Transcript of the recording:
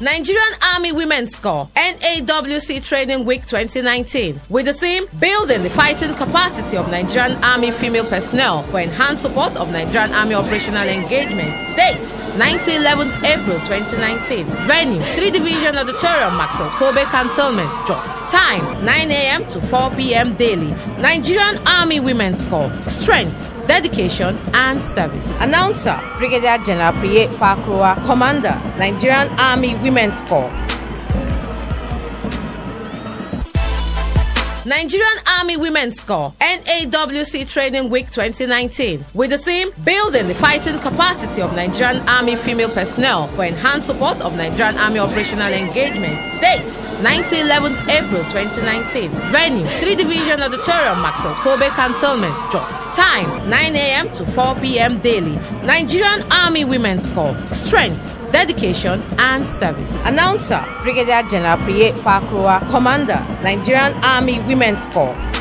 Nigerian Army Women's Corps AWC Training Week 2019 with the theme Building the Fighting Capacity of Nigerian Army Female Personnel for Enhanced Support of Nigerian Army Operational Engagement. Date 19 11th April 2019. Venue 3 Division Auditorium Maxwell Kobe Cantonment. Just time 9 a.m. to 4 p.m. daily. Nigerian Army Women's Corps. Strength dedication, and service. Announcer Brigadier General Priye Fakroa, Commander, Nigerian Army Women's Corps. Nigerian Army Women's Corps NAWC Training Week 2019 with the theme Building the Fighting Capacity of Nigerian Army Female Personnel for Enhanced Support of Nigerian Army Operational Engagement. Date 19 11th April 2019. Venue 3 Division Auditorium Maxwell Kobe Cantonment Just. Time 9 a.m. to 4 p.m. daily. Nigerian Army Women's Corps. Strength dedication, and service. Announcer Brigadier General Priye Fakroa, Commander, Nigerian Army Women's Corps.